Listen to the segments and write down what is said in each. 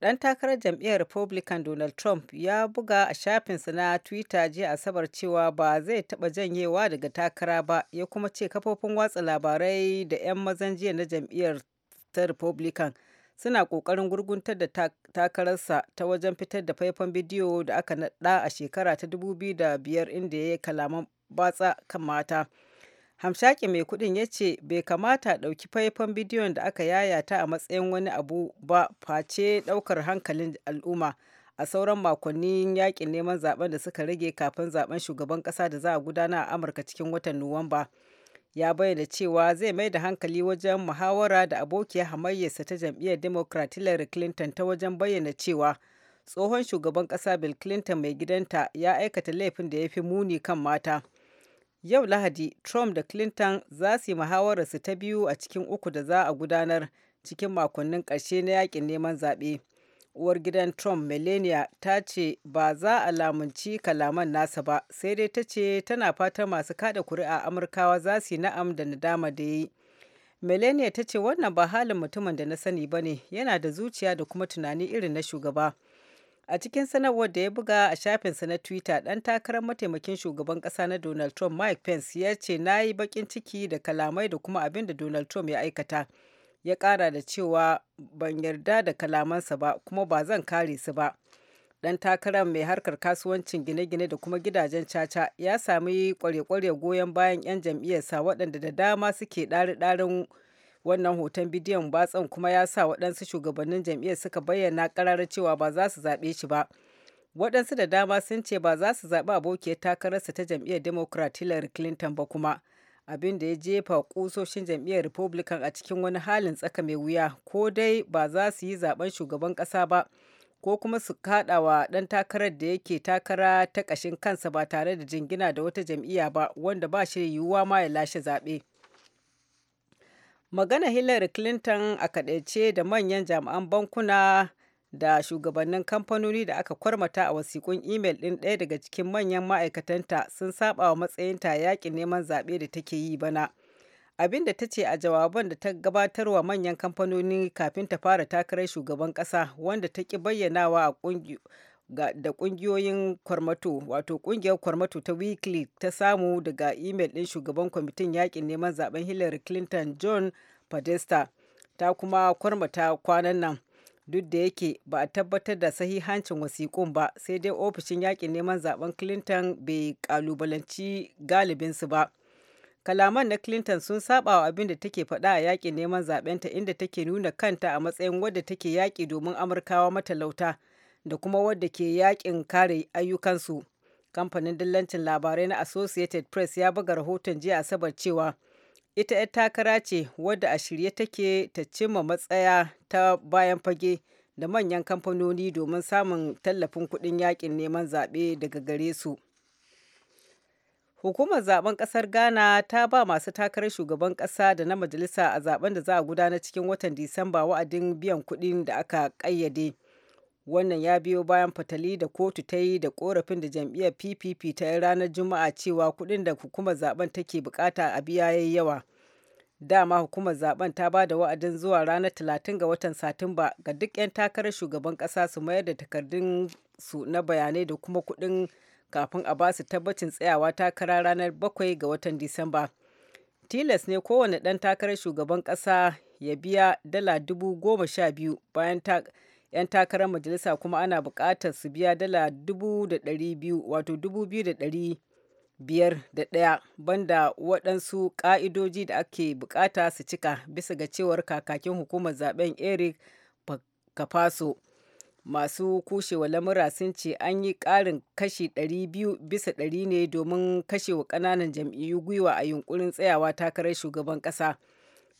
dan takarar jam'iyyar Republican Donald Trump ya buga a shafinsa na Twitter jiya Asabar cewa ba zai taba janyewa daga takara ba, ya kuma ce kafofin watsa labarai da 'yan mazan jiya na jam'iyyar ta Republican suna kokarin gurguntar da takararsa ta wajen fitar da faifan bidiyo da aka naɗa a shekara ta 2005 inda ya yi kalaman batsa kan mata. Hamshaki mai kudin ya ce bai kamata a ɗauki faifan bidiyon da aka yayata a matsayin wani abu ba face ɗaukar hankalin al'umma a sauran makonnin yakin neman zaben da suka rage kafin zaben shugaban kasa da za a gudana a Amurka cikin watan Nuwamba. Ya bayyana cewa zai mai da hankali wajen muhawara da abokiyar hamayyarsa ta jam'iyyar Democrat Hillary Clinton ta wajen bayyana cewa tsohon shugaban kasa Bill Clinton mai gidanta ya aikata laifin da ya fi muni kan mata. Yau Lahadi, Trump da Clinton za su yi su ta biyu a cikin uku da za a gudanar cikin makonnin ƙarshe na yakin neman zaɓe. Uwar gidan Trump, Melania, ta ce ba za a lamunci kalaman nasa ba, sai dai ta ce tana fatan masu kada kuri'a Amurkawa za su yi na'am da nadama da yi. Melania ta ce wannan ba halin mutumin da na sani ba ne, yana da zuciya da kuma tunani irin na shugaba. A cikin sanarwar da ya buga a shafinsa na Twitter, ɗan takarar mataimakin shugaban ƙasa na Donald Trump Mike Pence ya ce na yi baƙin ciki da kalamai da kuma abin da Donald Trump ya aikata. Ya ƙara da cewa ban yarda da kalamansa ba kuma ba zan kare su ba. Ɗan takarar mai harkar kasuwancin gine-gine da kuma gidajen caca ya sami kware-kware goyon bayan 'yan jam'iyyarsa waɗanda da dama suke ɗari-ɗarin wannan hoton bidiyon batsan kuma ya sa waɗansu shugabannin jam'iyyar suka bayyana ƙararar cewa ba za su zaɓe shi ba waɗansu da dama sun ce ba za su zaɓi abokiyar takararsa ta jam'iyyar democrat hillary clinton ba kuma abin da ya jefa ƙusoshin jam'iyyar republican a cikin wani halin tsaka mai wuya ko dai ba za su yi zaben shugaban ƙasa ba ko kuma su kaɗa wa ɗan takarar da yake takara ta ƙashin kansa ba tare da jingina da wata jam'iyya ba wanda ba shi yiwuwa ma ya lashe zaɓe. magana hillary clinton a kadaice da manyan jami'an bankuna da shugabannin kamfanoni da aka kwarmata a wasikun imel ɗin ɗaya daga cikin manyan ma'aikatanta sun saba wa matsayinta yakin neman zaɓe da take yi bana abin da ta ce a jawaban da ta gabatar wa manyan kamfanoni kafin ta fara takarar shugaban ƙasa wanda ta ki bayyanawa a da kungiyoyin kwarmato wato kungiyar kwarmato ta weekly ta samu daga imel din shugaban kwamitin yakin neman zaben hillary clinton john podesta ta kuma kwarmata kwanan nan duk da yake ba a tabbatar da sahihancin wasiƙun ba sai dai ofishin yakin neman zaben clinton bai kalubalanci galibinsu ba kalaman na clinton sun saba wa abin da take faɗa a yakin neman zaben ta inda take nuna kanta a matsayin wadda take yaki domin amurkawa matalauta da kuma wadda ke yakin kare ayyukansu kamfanin dillancin labarai na associated press ya buga rahoton jiya asabar cewa ita 'yar takara ce wadda a shirye take ta cimma matsaya ta bayan fage da manyan kamfanoni domin samun tallafin kuɗin yakin neman zaɓe daga gare su hukumar zaben ƙasar ghana ta ba masu takarar shugaban ƙasa da na majalisa a zaben da za a gudana cikin watan disamba wa'adin biyan kuɗin da aka ƙayyade. wannan ya biyo bayan fatali da kotu ta yi da korafin da jam'iyyar ppp ta yi ranar juma'a cewa kuɗin da hukumar zaben take bukata a biya yayi yawa dama hukumar zaben ta ba da wa'adin zuwa ranar 30 ga watan satumba ga duk 'yan takarar shugaban kasa su mayar da takardun su na bayanai da kuma kuɗin kafin a ba su tabbacin tsayawa takara ranar 7 ga watan disamba tilas ne kowane ɗan takarar shugaban kasa ya biya dala dubu goma sha biyu bayan 'yan takarar majalisa kuma ana buƙatar su biya dala dubu da ɗari biyu wato dubu biyu da ɗari biyar da ɗaya banda waɗansu ƙa'idoji da ake buƙata su cika bisa ga cewar kakakin hukumar zaben eric kafaso masu kushewa lamura sun ce an yi ƙarin kashi 200 bisa 100 ne domin kashewa ƙananan jam'iyyu gwiwa a yunkurin tsayawa takarar shugaban ƙasa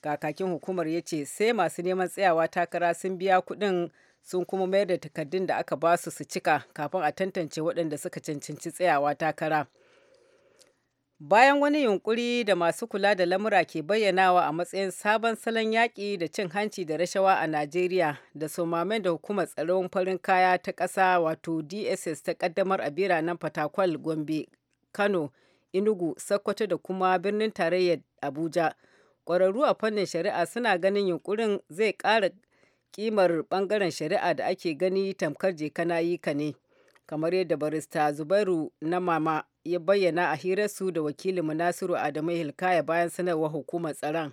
kakakin hukumar ya ce sai masu neman tsayawa takara sun biya kuɗin sun kuma mayar da takardun da aka ba su su cika kafin a tantance waɗanda suka cancanci tsayawa takara. Bayan wani yunkuri da masu kula da lamura ke bayyanawa a matsayin sabon salon yaƙi da cin hanci da rashawa a Najeriya da somamen da hukumar tsaron farin kaya ta ƙasa wato DSS ta ƙaddamar a biranen Fatakwal, Gombe, Kano, Inugu, Sokoto da kuma birnin tarayyar Abuja. Ƙwararru a fannin shari'a suna ganin yunkurin zai ƙara kimar bangaren shari'a da ake gani tamkar jeka yi ka ne kamar yadda barista zubairu na mama ya bayyana a hirarsu da wakilin Munasiru adamu hilkaya bayan sanarwar hukumar tsaron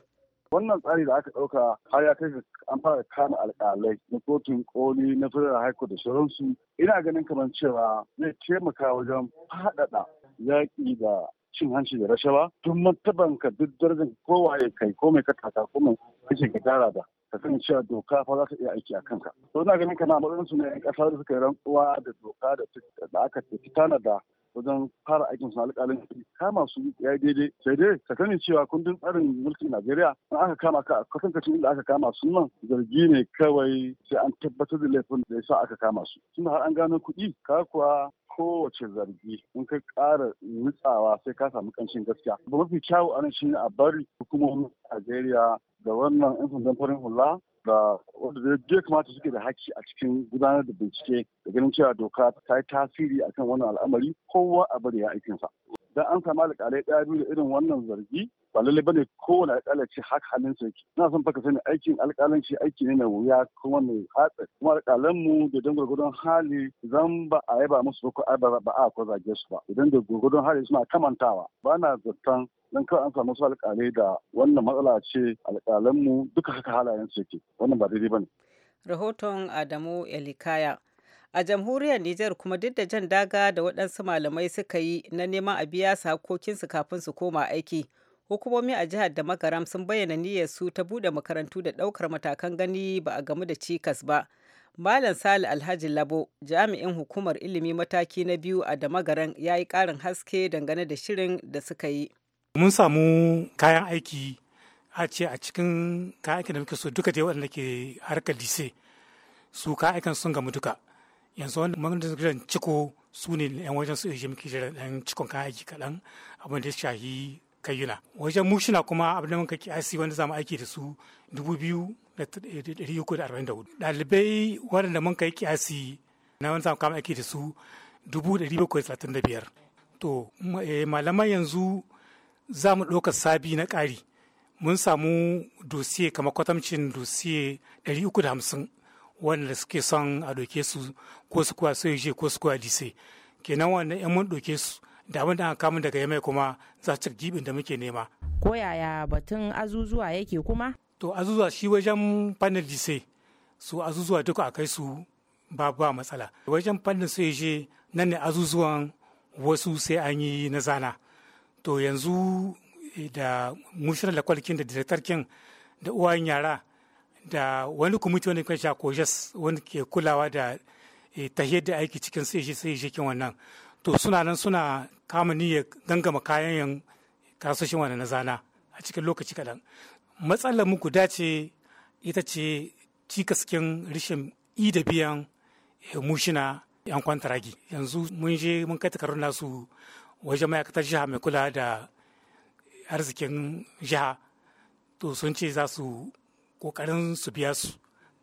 wannan tsari da aka ɗauka har ya kai an fara kama alkalai na kotun koli na federal high court da sauransu ina ganin kamar cewa zai taimaka wajen faɗaɗa yaƙi da cin hanci da rashawa tun ka duk darajar ya kai ko mai taka, ko mai kace ka tara da ka sani cewa doka fa za ta iya aiki a kanka to na ganin kana matsayin su ne yan kasa da suka yi rantsuwa da doka da aka tanada wajen fara aikin su alƙalin kama su ya yi daidai sai dai ka sani cewa kundin tsarin mulkin Najeriya in aka kama ka kasancin inda aka kama su nan zargi ne kawai sai an tabbatar da laifin da ya sa aka kama su tunda har an gano kuɗi ka kuwa kowace zargi in ka ƙara nutsawa sai ka samu ƙanshin gaskiya ba mafi kyawu a nan shine a bari hukumomin Najeriya da wannan 'yan sandan farin hula da wanda da ya kamata suke da haƙƙi a cikin gudanar da bincike da ganin cewa doka ta yi tasiri akan wannan al'amari kowa a bari ya aikinsa. Dan an samu alƙalai ɗaya biyu da irin wannan zargi ba lallai bane kowane ce hak halin sa yake ina son faka sani aikin shi aiki ne mai wuya kuma mai hatsari kuma alƙalan mu da dan gurgurdon hali zan ba a yaba musu ba ko ba a ko zage su ba idan da gurgurdon hali suna kamantawa ba na zaton nan kawai an samu su alƙalai da wannan matsala ce alƙalanmu duka haka halayen su yake wannan ba daidai ba ne. rahoton adamu elikaya a jamhuriyar nijar kuma duk da jan daga da waɗansu malamai suka yi na neman a biya su hakokinsu kafin su koma aiki hukumomi a jihar da makaram sun bayyana niyyar su ta buɗe makarantu da ɗaukar matakan gani ba a gamu da cikas ba Malam sali Alhaji Labo, jami'in hukumar ilimi mataki na biyu a Damagaran ya yi ƙarin haske dangane da shirin da suka yi. mun samu kayan aiki a ce a cikin kayan aiki da muke so duka dai waɗanda ke harkar lise su kayan aikin sun gamu duka yanzu wanda mun da ciko su ne yan wajen su ije muke jira dan cikon kayan aiki kaɗan abin da ya shahi kayuna wajen mushina kuma abin da muka kiyasi wanda zamu aiki da su dubu biyu da ɗari uku da arba'in da hudu ɗalibai waɗanda mun kai kiyasi na wanda zamu kama aiki da su dubu ɗari bakwai talatin da biyar to eh, malamai yanzu za mu ɗaukar sabi na ƙari mun samu dosiye kamar kwatamcin dosiye 350 wanda suke son a ɗauke su ko su kuwa soje ko su kuwa dise kenan wanda yan mun ɗauke su da abin da aka kamun daga yamai kuma za su gibin da muke nema ko yaya batun azuzuwa yake kuma to azuzuwa shi wajen fannin dise su azuzuwa duka a kai su ba ba matsala wajen fannin je nan ne azuzuwan wasu sai an yi na zana to yanzu eh, da mushirar lakwalkin da direktarkin da uwayen yara da wani kwamiti wani a shakojes wani ke kulawa da eh, tahiyar da aiki cikin sai shi sai wannan to suna nan suna kama niyyar gangama kayan yan kasashen wannan na zana a cikin lokaci kaɗan matsalar mu guda ce ita ce cikaskin rishin i da biyan eh, mushina yan kwantaragi yanzu mun je mun kai takarar nasu wajen ma'aikatar jiha mai kula da arzikin jiha to sun ce za su kokarin su biya su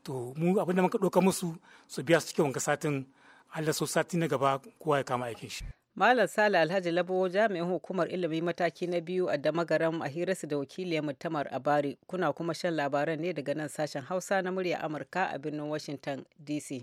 to mu abinda muka ɗauka musu su biya su cikin wanka satin allah so sati na gaba kowa ya kama aikin shi Malam Sale Alhaji Labo jami'in hukumar ilimi mataki na biyu a Damagaram a hirarsu da wakiliyar Muttamar Abari kuna kuma shan labaran ne daga nan sashen Hausa na murya Amurka a birnin Washington DC.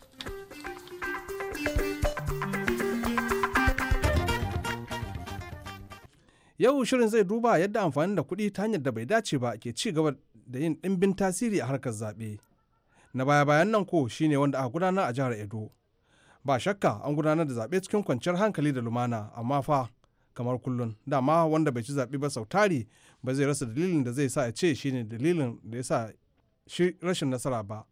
Yau shirin zai duba yadda amfani da kuɗi ta hanyar da bai dace ba ke ci gaba da yin ɗimbin tasiri a harkar zaɓe. Na baya-bayan nan ko shine wanda aka gudanar a jihar Edo. Ba shakka an gudanar da zaɓe cikin kwanciyar hankali da lumana amma fa kamar kullum dama wanda bai ci zaɓe ba sau tari ba zai rasa dalilin da zai sa ya ce shine dalilin da ya sa shi rashin nasara ba.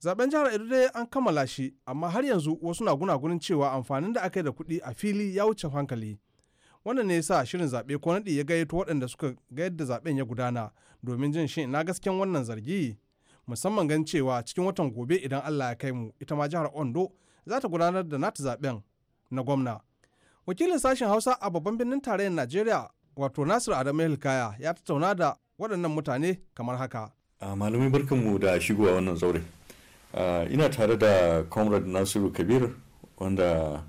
Zaben jihar Edo dai an kammala shi amma har yanzu wasu na gunagunin cewa amfanin da aka yi da kuɗi a fili ya wuce hankali. wannan ne yasa shirin zaɓe ko naɗi ya gayyato waɗanda suka ga yadda zaɓen ya gudana domin jin shi ina gasken wannan zargi musamman gan cewa cikin watan gobe idan Allah ya kai mu ita ma jihar Ondo za ta gudanar da nata zaɓen na gwamna. Wakilin sashen Hausa a babban birnin tarayyar Najeriya wato Nasiru Adamu Hilkaya ya tattauna da waɗannan mutane kamar haka. Malamai barkanmu da shigowa wannan zaure. Ina tare da Comrade Nasiru Kabir wanda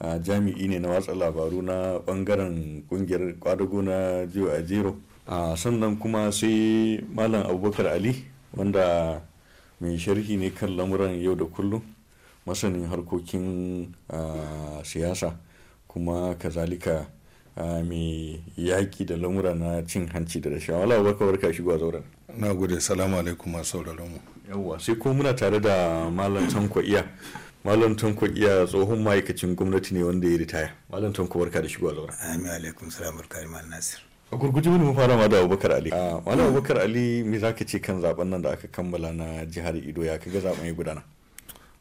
jami'i ne na watsa labaru na bangaren kungiyar kwadago na jiyo a jero sannan kuma sai malam abubakar ali wanda mai sharhi ne kan lamuran yau da kullum masanin harkokin siyasa kuma kazalika mai yaƙi da lamura na cin hanci da rashin wala abubakar barka shigo a zauren na gode salamu alaikum masu sauraron mu yawwa sai ko muna tare da malam tanko iya Malam Tanko iya tsohon ma'aikacin gwamnati ne wanda ya ritaya. Malam Tanko barka da shigo a zaura. Amin alaikum salam barka Nasir. A gurguje wani fara ma da Abubakar Ali. Ah, malam Abubakar Ali me za ka ce kan zaben nan da aka kammala na jihar Ido ya ga zaben ya gudana?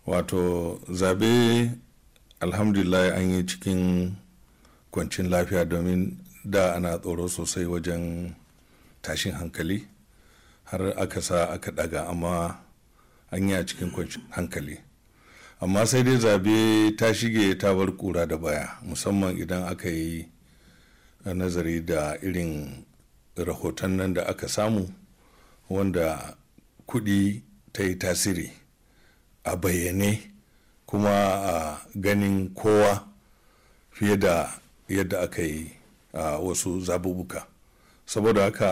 Wato zabe alhamdulillah an yi cikin kwancin lafiya domin da ana tsoro sosai wajen tashin hankali har aka sa aka daga amma an yi a cikin kwancin hankali. amma sai dai zabe ta shige ta bar kura da baya musamman idan aka yi nazari da irin rahoton nan da aka samu wanda kuɗi ta yi tasiri a bayyane kuma a ganin kowa fiye da yadda aka yi a wasu zabubuka saboda haka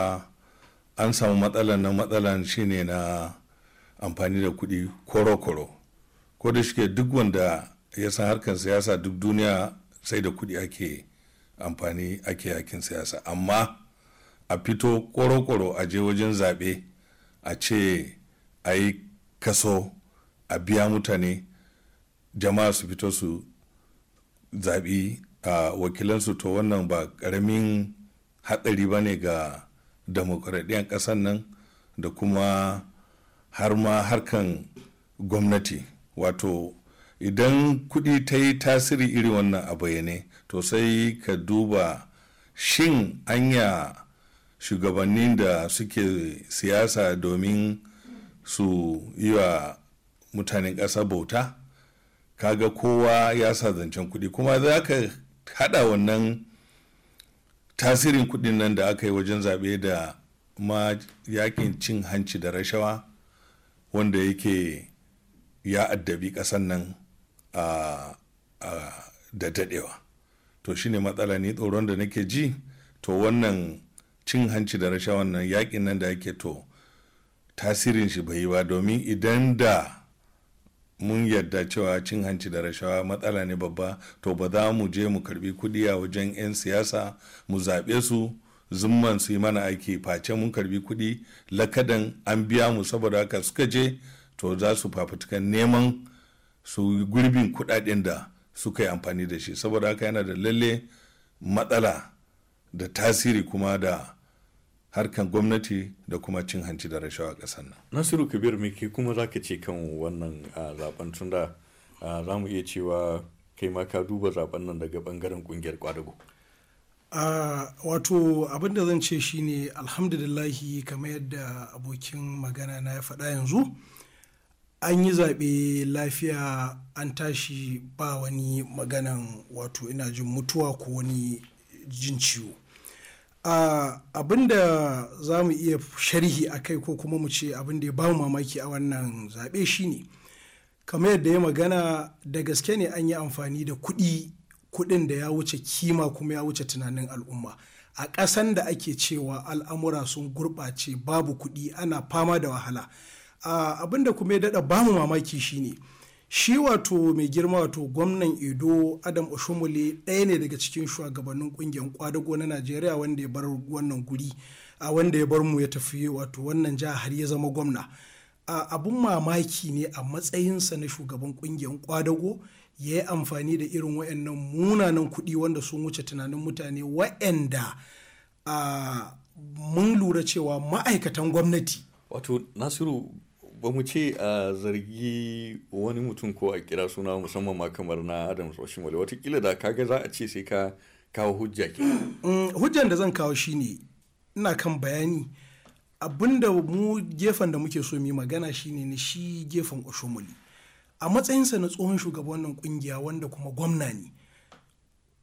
an samu matsalan na matsalan shine na amfani da kuɗi koro-koro ko da shike duk wanda ya san harkar siyasa duk duniya sai da kuɗi ake amfani ake yakin siyasa amma a fito koro-koro a je wajen zaɓe a ce a yi kaso a biya mutane jama'a su fito su zaɓi a wakilansu to wannan ba ƙaramin hatsari ba ne ga demokuraɗiyyar ƙasar nan da kuma har ma harkan gwamnati wato idan kuɗi ta yi tasiri iri wannan a bayyane to sai ka duba shin anya shugabannin da suke siyasa domin su yi wa mutanen ƙasa bauta kaga kowa ya sa zancen kuɗi kuma za ka haɗa wannan tasirin kuɗin nan da aka yi wajen zaɓe da ma yakin cin hanci da rashawa wanda yake ya addabi ƙasan nan a da daɗewa to shine matsala ne tsoron da nake ji to wannan cin hanci da rasha wannan yakin nan da yake to tasirin shi bai yi ba domin idan da mun yarda cewa cin hanci da rashawa matsala ne babba to ba za mu je mu karbi kuɗi a wajen 'yan siyasa mu zaɓe su zumman su yi mana aiki face mun karbi kuɗi lakadan an biya mu saboda haka suka je to za su fafutukan neman su gurbin kudaden da suka yi amfani da shi saboda haka yana da lalle matsala da tasiri kuma da harkan gwamnati da kuma cin hanci da rashawa ƙasar nan. Nasiru Kabir me ke kuma za ka ce kan wannan zaben tun da za mu iya cewa kai ma ka duba zaben nan daga bangaren kungiyar kwadago. wato abin da zan ce shine alhamdulillahi kamar yadda abokin magana na ya faɗa yanzu an yi zaɓe lafiya an tashi ba wani maganan wato ina jin mutuwa ko wani jin ciwo uh, da za mu iya sharhi a kai ko kuma mu ce abin da ya ba mu mamaki a wannan zaɓe shine kamar yadda ya magana da gaske ne an yi amfani da kuɗi kuɗin da ya wuce kima kuma ya wuce tunanin al'umma a ƙasan da ake cewa al'amura sun gurɓace babu kuɗi ana fama da wahala abin da kuma ya daɗa bamu mamaki shine shi wato mai girma wato gwamnan edo adam oshomole ɗaya ne daga cikin shugabannin ƙungiyar kwadago na najeriya wanda ya bar wannan guri a wanda ya bar mu ya tafi wato wannan jihar ya zama gwamna abin mamaki ne a matsayinsa na shugaban ƙungiyar kwadago ya yi amfani da irin wayannan munanan kuɗi wanda sun wuce tunanin mutane waɗanda mun lura cewa ma'aikatan gwamnati wato nasiru ba mu ce a zargi wani mutum ko a kira suna musamman ma kamar na adam wata watakila da kaga za a ce sai ka kawo hujja ke. Mm, hujjan da zan kawo shine ina kan bayani abinda mu gefen da muke so mu magana shine na shi gefen oshomoli A matsayinsa na tsohon shugaban wannan kungiya wanda kuma gwamna ne.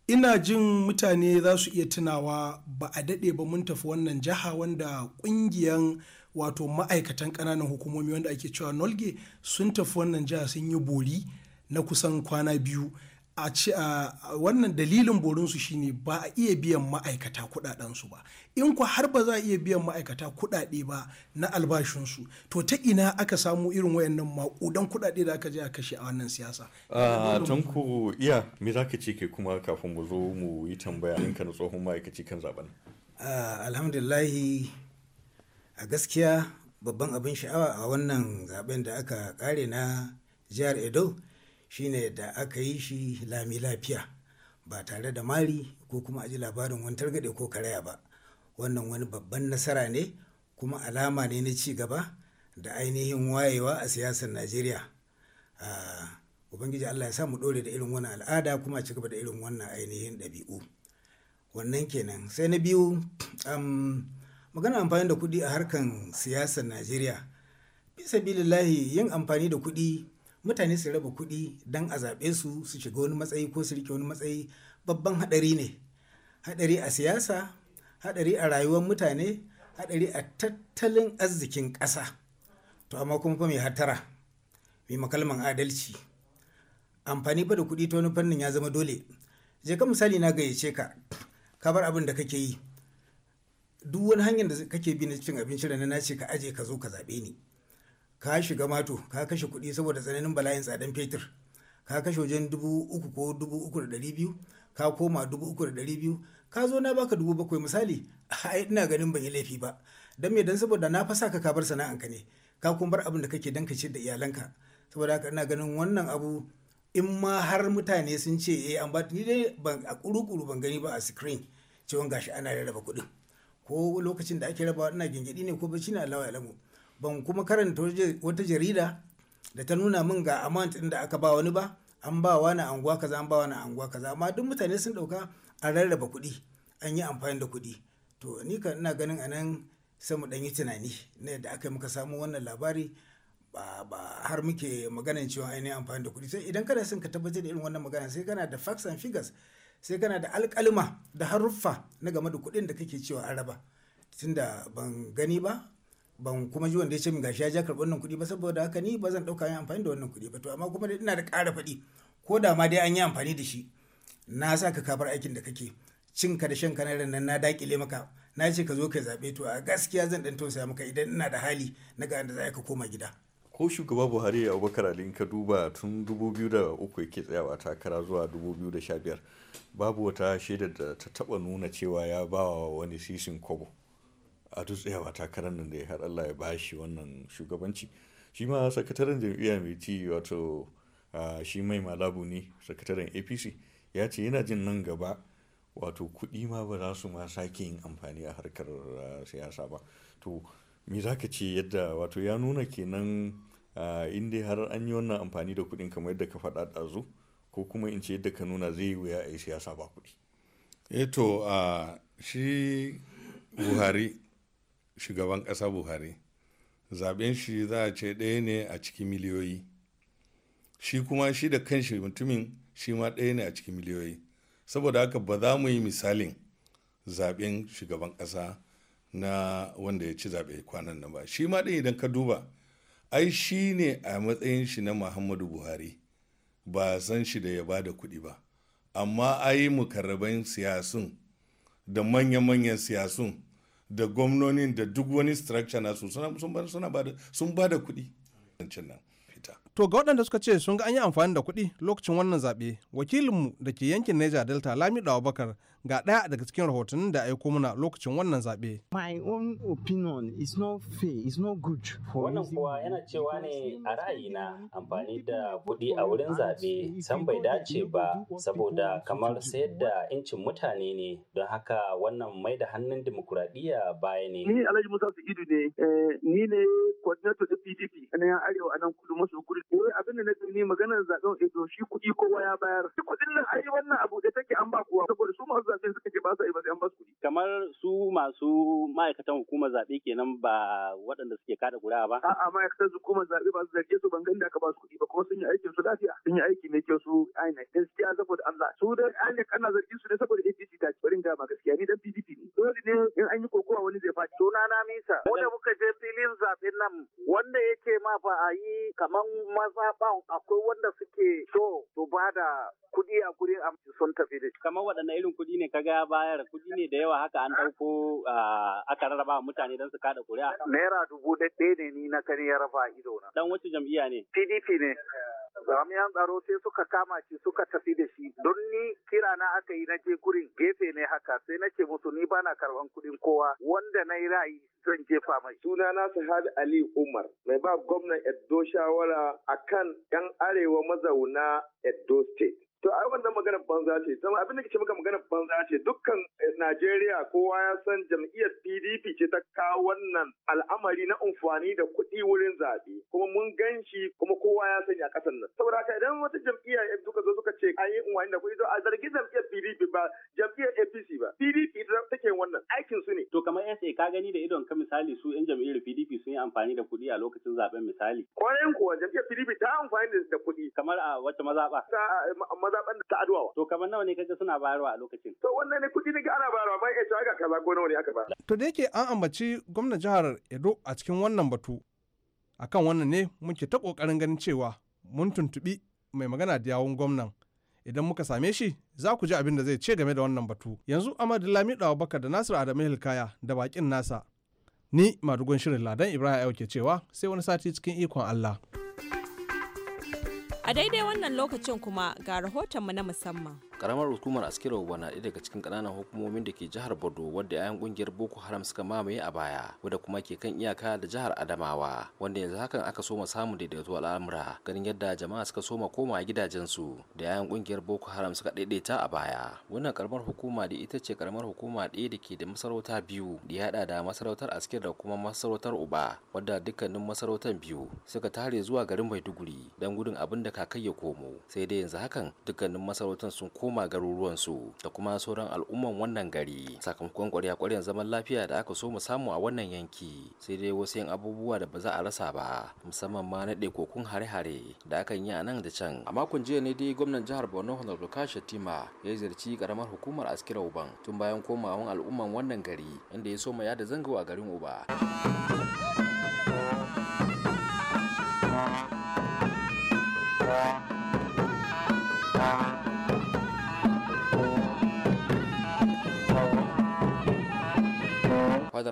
Ina jin mutane za su iya tunawa ba a daɗe ba mun tafi wannan jiha wanda kungiyan wato ma'aikatan kananan hukumomi wanda ake cewa nolge sun tafi wannan jiha sun yi bori na kusan kwana biyu a ce wannan dalilin borinsu shine ba a iya biyan ma'aikata kudadensu ba in ku har ba za a iya biyan ma'aikata kudade ba na albashinsu to ta ina aka samu irin wayannan makudan kudade da aka je a kashe a wannan siyasa tun ku iya me za ka ce ke kuma kafin mu zo mu yi tambaya in na tsohon ma'aikaci kan zaben alhamdulillahi a gaskiya babban abin sha'awa a wannan zaben da aka kare na jihar edo shine da aka yi shi lami lafiya ba tare da mari ko kuma a ji labarin wantar gade ko karaya ba wannan wani babban nasara ne kuma alama ne na ci gaba da ainihin wayewa a siyasar najeriya ubangiji allah ya sa mu ɗore da irin wani al'ada kuma ci gaba da irin wannan ainihin ɗabi'u wannan kenan sai na biyu um, magana amfani da kuɗi a harkan siyasar Najeriya. bisa lahi yin amfani da kuɗi mutane su raba kuɗi don a zaɓe su su shiga wani matsayi ko su rike wani matsayi babban haɗari ne. Haɗari a siyasa, haɗari a rayuwar mutane, haɗari a tattalin arzikin ƙasa. To amma kuma fa mai hattara, mai makalman adalci. Amfani fa da kuɗi ta wani fannin ya zama dole. Je ka misali na gayyace ka, ka bar abin da kake yi. duk wani hanyar da kake bi na cin abinci da na ce ka aje ka zo ka zaɓe ni ka shiga mato ka kashe kuɗi saboda tsananin bala'in tsadan fetur ka kashe wajen dubu uku ko dubu uku da ɗari biyu ka koma dubu uku da ɗari biyu ka zo na baka dubu bakwai misali ai ina ganin ban yi laifi ba dan me dan saboda na fasa ka ka bar sana'anka ne ka kuma bar abin da kake dan ka ce da iyalanka saboda haka ina ganin wannan abu in ma har mutane sun ce eh an ba ni dai ban a kuru ban gani ba a screen cewa gashi ana rarraba kuɗin ko lokacin da ake rabawa ina gingidi ne ko bacci ne Allah ya ban kuma karanta wata jarida da ta nuna min ga amount din da aka ba wani ba an ba wani anguwa kaza an ba wani anguwa kaza amma duk mutane sun dauka an rarraba kuɗi an yi amfani da kuɗi to ni kan ina ganin anan sai mu dan yi tunani na yadda aka muka samu wannan labari ba ba har muke maganan cewa ainihin amfani da kuɗi sai idan kana son ka tabbatar da irin wannan magana sai kana da facts and figures sai kana da alkalma da haruffa na game da kuɗin da kake cewa an raba tunda ban gani ba ban kuma ji wanda ya ce min gashi ya ja karɓar wannan kuɗi ba saboda haka ni ba zan ɗauka yin amfani da wannan kuɗi ba to amma kuma ina da ƙara faɗi ko da ma dai an yi amfani da shi na sa ka kafar aikin da kake cin ka da shan kanarin nan na dakile maka na ce ka zo ka zaɓe to a gaskiya zan ɗan tausaya maka idan ina da hali na ga da za ka koma gida ko shugaba buhari ya abubakar ali in ka duba tun 2003 yake tsayawa takara zuwa 2015 babu wata shaidar da ta taba nuna cewa ya bawa wani sisin kobo a duk tsayawa takarar nan da ya har allah ya bashi wannan shugabanci shi ma sakataren jam'iyya mai ci wato shi mai malabu ne sakataren apc ya ce yana jin nan gaba wato kuɗi ma ba za su ma sake yin amfani a harkar siyasa ba to me za ka ce yadda wato ya nuna kenan in dai har an yi wannan amfani da kuɗin kamar yadda ka faɗa ɗazu ko kuma in ce yadda ka nuna zai yi wuya a yi siyasa ba kuɗi. eto eh a shi buhari shugaban ƙasa buhari zaben shi za a ce ɗaya ne a cikin miliyoyi shi kuma shi da kanshi mutumin shi ma ɗaya ne a cikin miliyoyi saboda haka ba za mu yi misalin zaben shugaban ƙasa na wanda ya ci zaɓe kwanan nan ba shi ma ɗin idan ka duba ai shi ne a matsayin shi na muhammadu buhari ba san shi da ya ba da kuɗi ba amma ai mukarraban siyasun da manya-manyan siyasun da gwamnonin da duk wani structure nasu sun ba da kuɗi To ga waɗanda suka ce sun ga an yi amfani da kuɗi lokacin wannan zaɓe wakilinmu da ke yankin Niger Delta Lamido Abubakar ga ɗaya daga cikin rahoton da a aiko mana lokacin wannan zaɓe. My own opinion is not fair, is not good for Wannan kuwa yana cewa ne a ra'ayi na, amfani da kuɗi a wurin zaɓe san bai dace ba saboda kamar sayar da incin mutane ne don haka wannan mai da hannun dimokuraɗiyya baya ne. Ni Alhaji Musa Sigidu ne, eh, ni ne coordinator da PDP a nan Arewa a nan kudu maso kudu. Wai eh, abin da na ni maganar zaɓen Edo eh, shi kuɗi kowa ya bayar. Kuɗin nan ai wannan abu da take an ba kuwa saboda su masu yasa sai suka ce ba su yi ba su kuɗi. Kamar su masu ma'aikatan hukumar zaɓe kenan ba waɗanda suke kada guda ba. A'a ma'aikatan hukumar zaɓe ba su zarge su ban da aka ba su kuɗi ba kuma sun yi aikin su lafiya sun yi aiki ne kyau su INEC gaskiya saboda Allah su da INEC ana zargin su ne saboda APC ta ci barin gama gaskiya ni dan PDP ne dole ne in an yi kokowa wani zai faɗi. Suna na Misa da muka je filin zaɓen nan wanda yake ma ba a yi kaman mazaɓan akwai wanda suke so su ba da kuɗi a gurin amfani sun tafi da shi. Kamar waɗanne irin kuɗi ne ne kaga ya bayar kuɗi ne da yawa haka an ɗauko aka rarraba mutane don su kada kuri'a. Naira dubu ɗaya ne ni na kani ya raba ido na. Dan wacce jam'iyya ne? PDP ne. jami'an tsaro sai suka kama shi suka tafi da shi don ni kira na aka yi na je gurin gefe ne haka sai na ce musu ni bana karɓan kuɗin kowa wanda na yi ra'ayi zan jefa mai. Suna na Sahad Ali Umar mai ba gwamnan Edo shawara akan 'yan arewa mazauna Edo State. To ai wannan magana banza ce, zama abin da ke maka magana banza ce dukkan eh, Najeriya kowa ya san jam'iyyar PDP ce ta kawo wannan al'amari na amfani da kuɗi wurin zaɓe, kuma mun gan shi kuma kowa ya sanya a ƙasar nan. Saboda haka idan wata jam'iyya duka zo suka ce an yi amfani da kuɗi to a zargi jam'iyyar PDP ba jam'iyyar APC ba. PDP ita take wannan aikin su ne. To kamar SA ka gani da idon ka misali su 'yan jam'iyyar PDP sun yi amfani da kuɗi a lokacin zaɓen misali. Kwayan kuwa jam'iyyar PDP ta amfani da kuɗi. Kamar a wacce mazaɓa? Eh, zaben da ta aduwa. To kamar nawa ne kaje suna bayarwa a lokacin? To wannan ne kudi ne ga ana bayarwa ba ya ga kaza ko nawa ne aka ba. To da yake an ambaci gwamnan jihar Edo a cikin wannan batu. Akan wannan ne muke ta kokarin ganin cewa mun tuntuɓi mai magana da yawun gwamnan. Idan muka same shi za ku ji abin da zai ce game da wannan batu. Yanzu Amadu Lamidu baka da Nasiru Adamu Hilkaya da bakin nasa. Ni madugon shirin Ladan Ibrahim Ayo ke cewa sai wani sati cikin ikon Allah. A daidai wannan lokacin kuma ga rahotonmu na musamman. karamar hukumar askira na daga cikin ƙananan hukumomin da ke jihar bodo wadda yayan ƙungiyar boko haram suka mamaye a baya wadda kuma ke kan iyaka da jihar adamawa wanda yanzu hakan aka soma samun daidaito al'amura ganin yadda jama'a suka soma koma gidajensu da yayan ƙungiyar boko haram suka daidaita a baya wannan karamar hukuma da ita ce karamar hukuma ɗaya da ke da masarauta biyu da ya da masarautar askir da kuma masarautar uba wadda dukkanin masarautar biyu suka tare zuwa garin maiduguri don gudun abin da kakai ya komo sai dai yanzu hakan dukkanin masarautar sun koma koma garuruwansu da kuma sauran al'umman wannan gari sakamakon kwarya-kwaryan zaman lafiya da aka so mu samu a wannan yanki sai dai wasu yin abubuwa da ba za a rasa ba musamman ma naɗe kokun hare-hare da akan yi a nan da can a makon jiya ne dai gwamnan jihar borno honorable kashatima ya ziyarci karamar hukumar askira uban tun bayan komawan al'umman wannan gari inda ya so soma yada zango a garin uba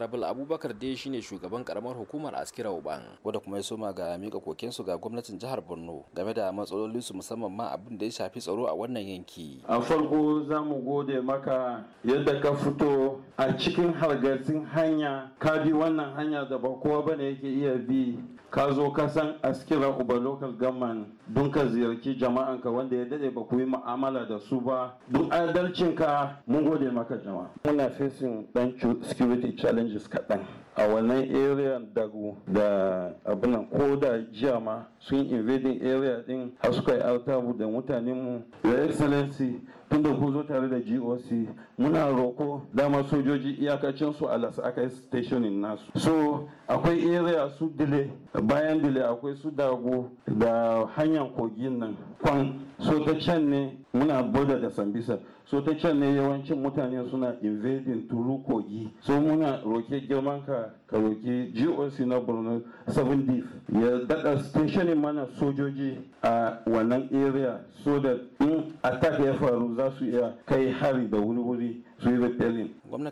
honorable abubakar dai shine shugaban karamar hukumar askira uban wanda kuma ya soma ga mika su ga gwamnatin jihar borno game da su musamman ma abin da ya shafi tsaro a wannan yanki a farko za mu gode maka yadda ka fito a cikin hargatsin hanya ka bi wannan hanya da ba kowa bane yake iya bi ka zo ka san askira uba local government don ka ziyarci jama'anka wanda ya dade ba ku yi mu'amala da su ba don adalcinka mun gode maka jama'a muna facing dan security challenges kaɗan a wannan area dagu da abinan ko da jiya ma sun invading area din har suka yi outabu da mutanen mu your excellency tun da ku zo tare da goc muna roko dama sojoji iyakacin su a las akai stationing nasu so akwai area su dile bayan dile akwai su dago da hanya hanyar kogin nan kwan so ta can ne muna boda da sambisa so ta can ne yawancin mutane suna invading turu kogi so muna roke girman ka ka roke goc na borno 7 ya daɗa stationin mana sojoji a wannan area so that in attack ya faru za su iya kai hari da wuri-wuri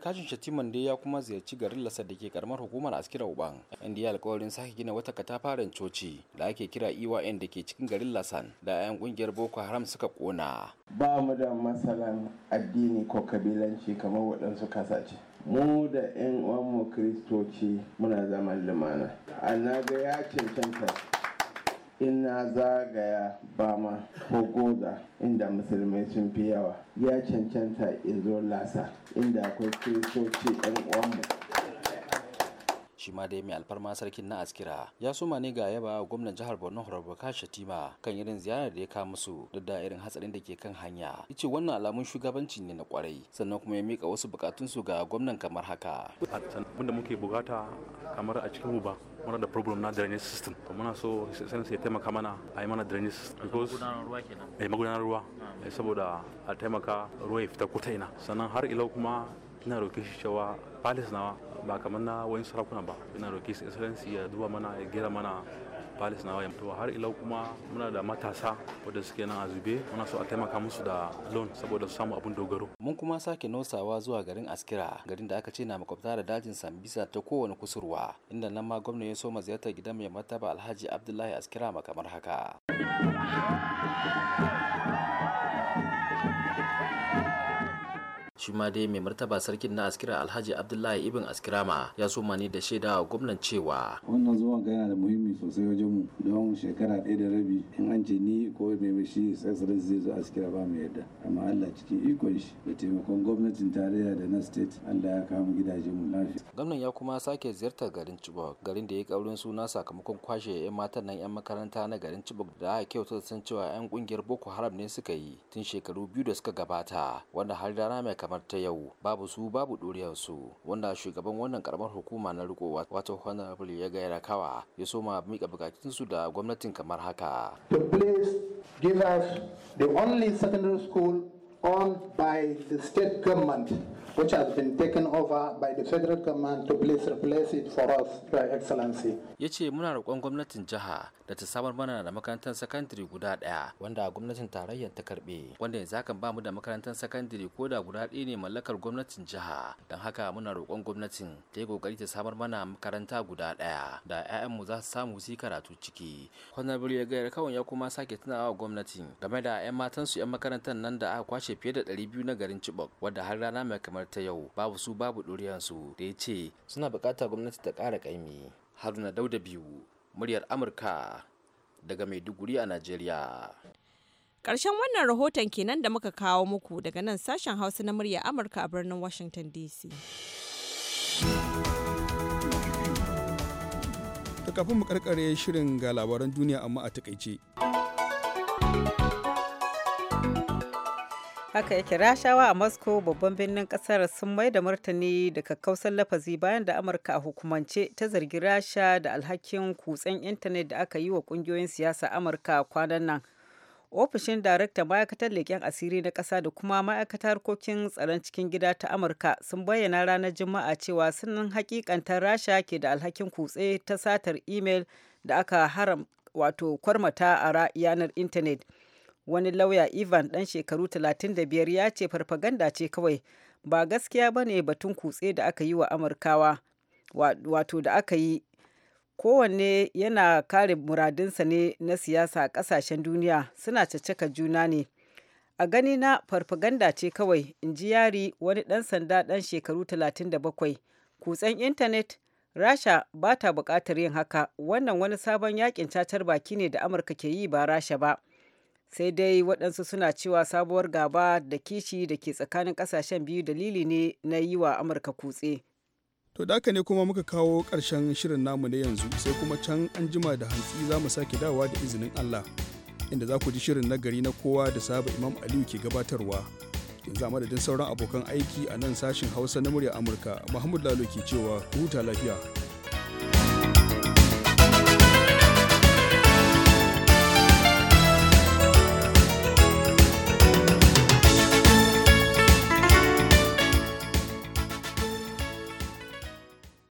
kashin shatiman dai ya kuma ziyarci garin lasar da ke karamar hukumar askira uban inda ya alkawarin sake gina wata katafaren coci da ake kira E-Yan da ke cikin garin lasan da 'yan kungiyar boko haram suka kona ba mu da masalan addini ko kabilanci kamar waɗansu kasace mu da 'yan uwanmu kiristoci muna zaman lumana ga ya cancanta in na zagaya bama ko goza inda musulmai sun fi yawa ya cancanta izo lasa inda akwai kiristoci yan uwanmu shi ma dai mai alfarma sarkin na askira ya suma ne ga yaba gwamnan jihar borno horobaka shatima kan irin ziyarar da ya ka musu duk da irin hatsarin da ke kan hanya ice wannan alamun shugabanci ne na kwarai sannan kuma ya mika wasu bukatunsu ga gwamnan kamar haka abin muke bukata kamar a cikin uba muna da problem na drainage system muna so sai sai taimaka mana a yi mana drainage system because eh magudanar ruwa ah. eh, saboda ah, a taimaka ruwa ya fita kuta ina sannan har ilau kuma ina roke shi cewa palace nawa ba kamar na wani sarakuna ba ina roke su excellency ya duba mana ya gera mana palace na wayan to har ilau kuma muna da matasa wadda suke nan a zube muna so a taimaka musu da loan saboda su samu abin dogaro mun kuma sake nosawa zuwa garin askira garin da aka ce na makwabta da dajin sambisa ta kowane kusurwa inda nan ma gwamna ya so ma ziyartar gidan mai martaba alhaji abdullahi askira makamar haka shi ma dai mai martaba sarkin na askira alhaji abdullahi ibn askirama ya so mani da shaida wa gwamnan cewa wannan zuwan yana da muhimmi sosai wajen mu don shekara ɗaya da rabi in an ce ni ko mai mai shi excellency zai zo askira ba mu yadda amma allah cikin ikon shi da taimakon gwamnatin tarayya da na state allah ya kama gidajen mu lafiya gwamnan ya kuma sake ziyartar garin chibok garin da ya kaurin suna sakamakon kwashe 'yan matan nan 'yan makaranta na garin chibok da aka da san cewa 'yan kungiyar boko haram ne suka yi tun shekaru biyu da suka gabata wanda har rana mai kamar ta yau babu su babu doriyar su wanda shugaban wannan karamar hukuma na riko wato honorable ya gaira kawa ya soma mika bukatun su da gwamnatin kamar haka. The place give us the only secondary school on by the state government, which has been taken over by the federal government to please replace it for us, Your Excellency. Ya ce muna roƙon gwamnatin jiha da ta samar mana da makarantar sakandare guda ɗaya wanda gwamnatin tarayyar ta karɓe wanda yanzu hakan ba mu da makarantar sakandare ko da guda ɗaya ne mallakar gwamnatin jiha don haka muna roƙon gwamnatin ta yi ƙoƙari ta samar mana makaranta guda ɗaya da 'ya'yanmu za su samu su karatu ciki. Honorable ya gayar kawai ya kuma sake tunawa gwamnatin game da 'yan matansu 'yan makarantar nan da aka kwashe kashe fiye da 200 na garin Chibok wadda har rana mai kamar ta yau babu su babu ɗuriyarsu da ya ce suna buƙatar gwamnati ta ƙara ƙaimi. Haruna Dauda biyu muryar Amurka daga Maiduguri a Najeriya. Ƙarshen wannan rahoton kenan da muka kawo muku daga nan sashen Hausa na muryar Amurka a birnin Washington DC. To kafin mu karkare shirin ga labaran duniya amma a takaice. haka yake rashawa a moscow babban birnin kasar sun mai da martani da kakkausar lafazi bayan da amurka a hukumance ta zargi rasha da alhakin kutsen intanet da aka yi wa kungiyoyin siyasa amurka kwanan nan ofishin darakta ma'aikatar leƙen asiri na ƙasa da kuma ma'aikatar harkokin tsaron cikin gida ta amurka sun bayyana ranar juma'a cewa sunan hakikantar rasha ke da alhakin kutse ta satar imel da aka haram wato kwarmata a yanar intanet. wani lauya ivan dan shekaru 35 ya ce farfaganda ce kawai ba gaskiya ba ne batun kutse da aka yi wa amurkawa wato da aka yi kowanne yana kare muradinsa ne na siyasa a kasashen duniya suna caccaka juna ne a gani na farfaganda ce kawai in ji yari wani ɗan sanda ɗan shekaru 37 kutsen intanet rasha ba ta buƙatar yin haka wannan wani sabon yakin cacar baki ne da amurka ke yi ba rasha ba sai dai waɗansu suna cewa sabuwar gaba da kishi da ke tsakanin ƙasashen biyu dalili ne na yi wa amurka kutse to da ne kuma muka kawo ƙarshen shirin namu na yanzu sai kuma can an jima da hantsi za mu sake dawa da izinin allah inda za ku ji shirin na gari na kowa da saba imam aliyu ke gabatarwa yanzu a madadin sauran abokan aiki a nan sashin hausa na murya amurka muhammadu lalo ke cewa huta lafiya